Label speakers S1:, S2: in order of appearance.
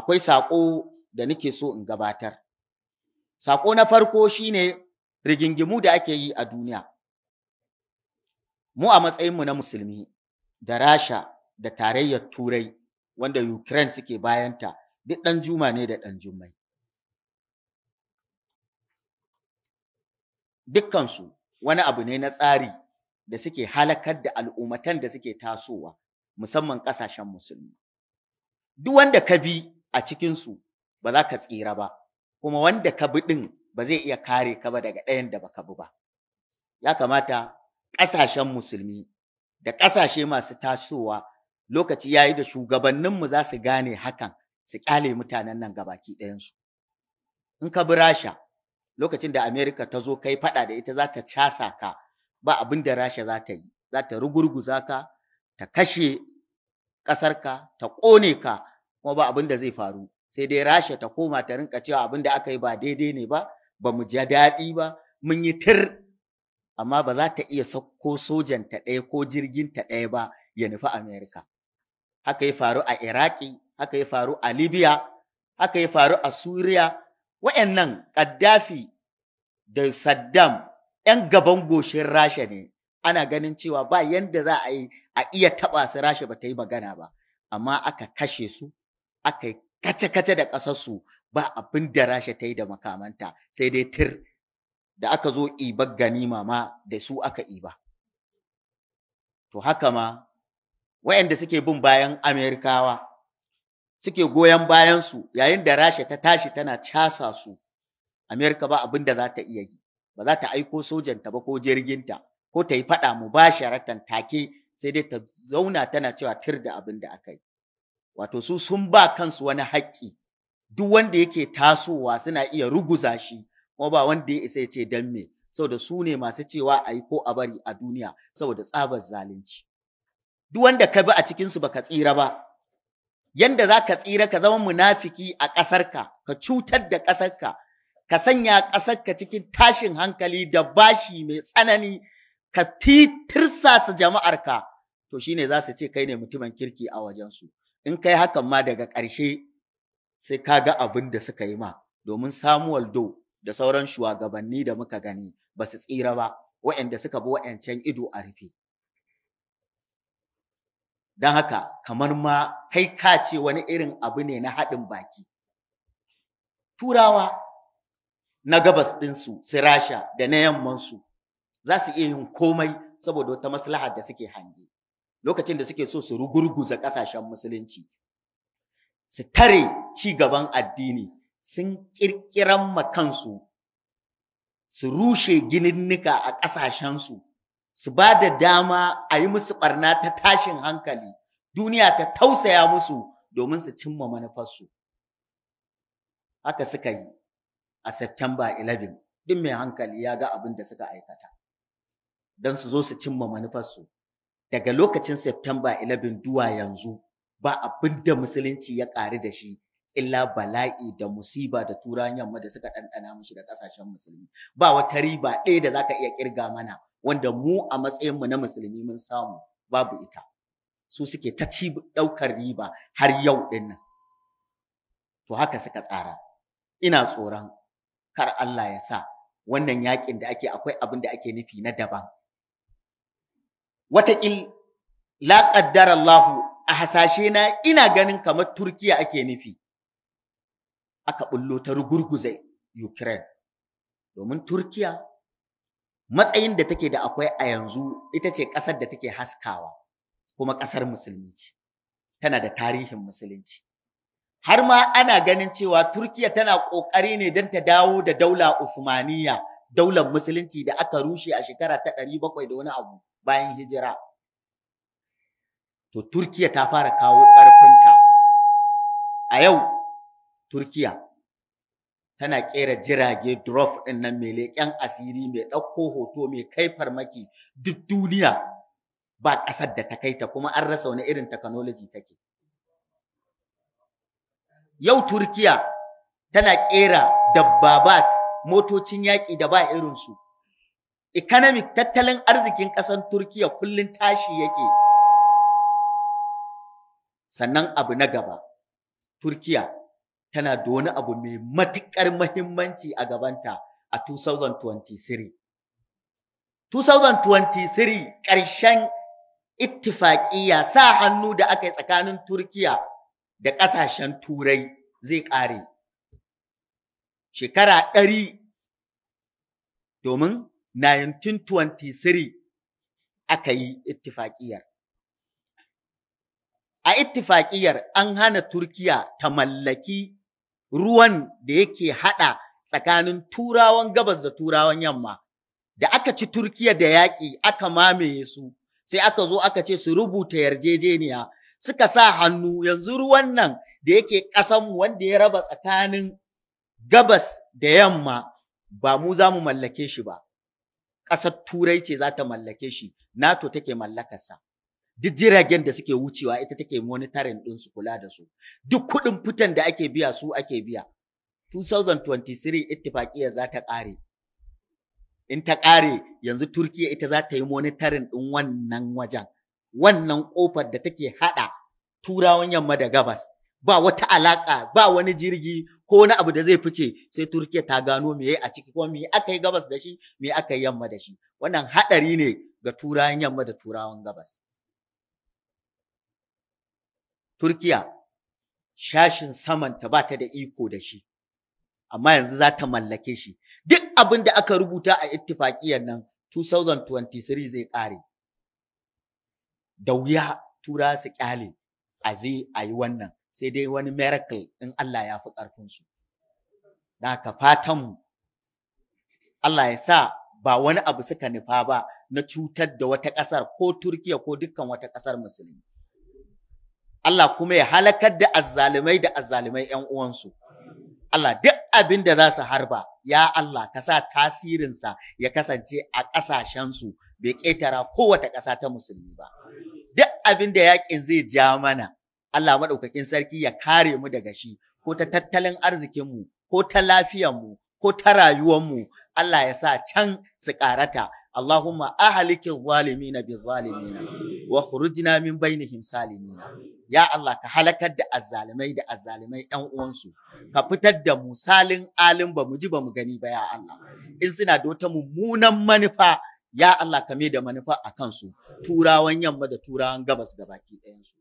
S1: akwai saƙo da nake so in gabatar. Saƙo na farko shine rigingimu da ake yi a duniya. Mu a matsayinmu na musulmi da Rasha da tarayyar Turai wanda Ukraine suke bayanta duk ɗan juma ne da ɗan jummai. Dukkansu wani abu ne na tsari da suke halakar da al'ummatan da suke tasowa musamman ƙasashen musulmi. Duk wanda ka bi a cikinsu ba za ka tsira ba, kuma wanda ka bi ɗin ba zai iya kare ka ba daga ɗayan da baka bi ba. Ya kamata ƙasashen musulmi da ƙasashe masu tasowa lokaci ya yi da shugabanninmu za su gane hakan su ƙyale mutanen nan gabaki ɗayansu. In ka bi Rasha, lokacin da Amerika ta zo kai faɗa da ita za ta casa ka ba abin da Rasha za ta yi, za ta rugurguza ka, ta kashe ka, ta ƙone ka, kuma ba abin da zai faru sai dai rasha ta koma ta rinka cewa abin da aka yi ba daidai ne ba ba mu ja daɗi ba mun yi tir amma ba za ta iya sauko sojan ta ɗaya ko jirgin ta ɗaya ba ya nufi amerika haka ya faru a iraki haka ya faru a libya haka ya faru a suriya wa'annan ƙaddafi da saddam 'yan gaban goshin rasha ne ana ganin cewa ba yanda za a yi a iya taɓa su rasha ba ta yi magana ba amma aka kashe su aka yi kace-kace da ƙasarsu ba abin da rasha ta yi da makamanta sai dai tir da aka zo ibar ganima ma da su aka iba. To haka ma wayanda suke bin bayan Amerikawa suke goyon bayansu yayin da rasha ta tashi tana casa su, Amerika ba abin da za ta iya yi, ba za ta aiko sojanta ba ko jirginta ko ta yi faɗa mu ba take sai dai ta zauna tana cewa tir da abin da aka yi. wato su sun ba kansu wani haƙƙi duk wanda yake tasowa suna iya ruguza shi kuma ba wanda ya isa ya ce dan me saboda su ne masu cewa a yi ko a bari a duniya saboda tsabar zalunci duk wanda ka bi a cikinsu baka tsira ba yanda za ka tsira ka zama munafiki a ƙasarka ka cutar da ƙasarka ka Ka sanya ka cikin tashin hankali da bashi mai tsanani ka su jama'arka to shine za su ce kai ne mutumin kirki a wajensu in kai hakan ma daga ƙarshe sai ka ga abin da suka yi ma domin samuwal do da sauran shugabanni da muka gani ba su tsira ba waɗanda suka bi wa'ancan ido a rufe don haka kamar ma kai ka ce wani irin abu ne na haɗin baki turawa na gabas ɗinsu su rasha da na yammansu za su iya yin komai saboda wata maslaha da suke hange lokacin da suke so su rugurguza ƙasashen musulunci su tare ci gaban addini sun ƙirƙiran kansu su rushe gininnika a ƙasashensu su ba da dama a yi musu ɓarna ta tashin hankali duniya ta tausaya musu domin su cimma manufarsu haka suka yi a September 11 duk mai hankali ya ga abin da suka aikata don su zo su cimma manufarsu daga lokacin September 11 duwa yanzu ba abin da musulunci ya ƙari da shi illa bala'i da musiba da turan yamma da suka ɗanɗana mushi da ƙasashen musulmi ba wata riba ɗaya da zaka iya ƙirga mana wanda mu a matsayinmu na musulmi mun samu babu ita su suke ta ci ɗaukar riba har yau ɗin to haka suka tsara ina tsoron kar Allah ya sa wannan yakin da ake akwai abin da ake nufi na daban watakil la qaddara Allah a hasashe na ina ganin kamar Turkiya ake nufi aka bullo ta rugurguza Ukraine domin Turkiya matsayin da take da akwai a yanzu ita ce ƙasar da take haskawa kuma ƙasar musulmi tana da tarihin musulunci har ma ana ganin cewa Turkiya tana ƙoƙari ne don ta dawo da daula Uthmaniyya daular musulunci da aka rushe a shekara ta ɗari bakwai da wani abu bayan hijira. To Turkiya ta fara kawo ƙarfinta. A yau, Turkiya tana ƙera jirage drop ɗin nan mai leƙen asiri mai ɗauko hoto mai kai farmaki duk duniya ba ƙasar da ta kai ta kuma an rasa wani irin technology take. Yau Turkiya tana ƙera dabbabat motocin yaƙi da ba irinsu. Economic tattalin arzikin ƙasar Turkiya kullum tashi yake. Sannan abu na gaba, Turkiya tana da wani abu mai matuƙar mahimmanci a gabanta a 2023. 2023 ƙarshen ittifaƙiya sa hannu da aka yi tsakanin Turkiya da ƙasashen Turai zai ƙare. shekara ɗari domin 1923 aka yi ittifaƙiyar. A ittifaƙiyar an hana Turkiya ta mallaki ruwan da yake haɗa tsakanin turawan gabas da turawan yamma. Da aka ci Turkiya da yaƙi aka mamaye su, sai aka zo aka ce su rubuta yarjejeniya, suka sa hannu yanzu ruwan nan da yake ƙasanmu wanda ya raba tsakanin gabas da yamma ba mu za mu mallake shi ba ƙasar turai ce za ta mallake shi nato take mallakarsa duk jiragen da suke wucewa ita take monitarin ɗin su kula da su duk kuɗin fitan da ake biya su ake biya 2023 ittifaƙiya za ta ƙare in ta ƙare yanzu turkiya ita za ta yi monitarin ɗin wannan wajen wannan ƙofar da take haɗa turawan yamma da gabas ba wata alaka ba wani jirgi ko wani abu da zai fice sai Turkiya ta gano me a ciki kuma me aka yi gabas da shi me aka yi yamma da shi wannan haɗari ne ga turawan yamma da turawan gabas Turkiya shashin samanta ba ta da iko da shi amma yanzu za ta mallake shi duk abin da aka rubuta a ittifaqiyar nan 2023 zai kare da wuya tura su kyale a zai a yi wannan sai dai wani miracle in Allah ya fi ƙarfinsu. Da ka fatanmu, Allah ya sa ba wani abu suka nufa ba na cutar da wata ƙasar ko Turkiya ko dukkan wata ƙasar musulmi. Allah kuma ya halakar da azzalumai da azzalumai ‘yan uwansu. Allah duk abin da za su harba, ya Allah ka sa tasirinsa ya kasance a ƙasashensu bai ƙetara wata ƙasa ta musulmi ba. Duk abin da yaƙin zai ja mana, Allah maɗaukakin sarki ya kare mu daga shi ko ta tattalin arzikinmu ko ta lafiyarmu ko ta rayuwarmu Allah ya sa can su karata Allahumma ahalikin zalimina bi zalimina wa khurujna min bainihim salimina ya Allah ka halakar da azzalimai da azzalimai ɗan uwansu ka fitar da mu salin alin ba mu ji ba mu gani ba ya Allah in suna da wata mummunan manufa ya Allah ka da manufa a kansu turawan yamma da turawan gabas baki ɗayansu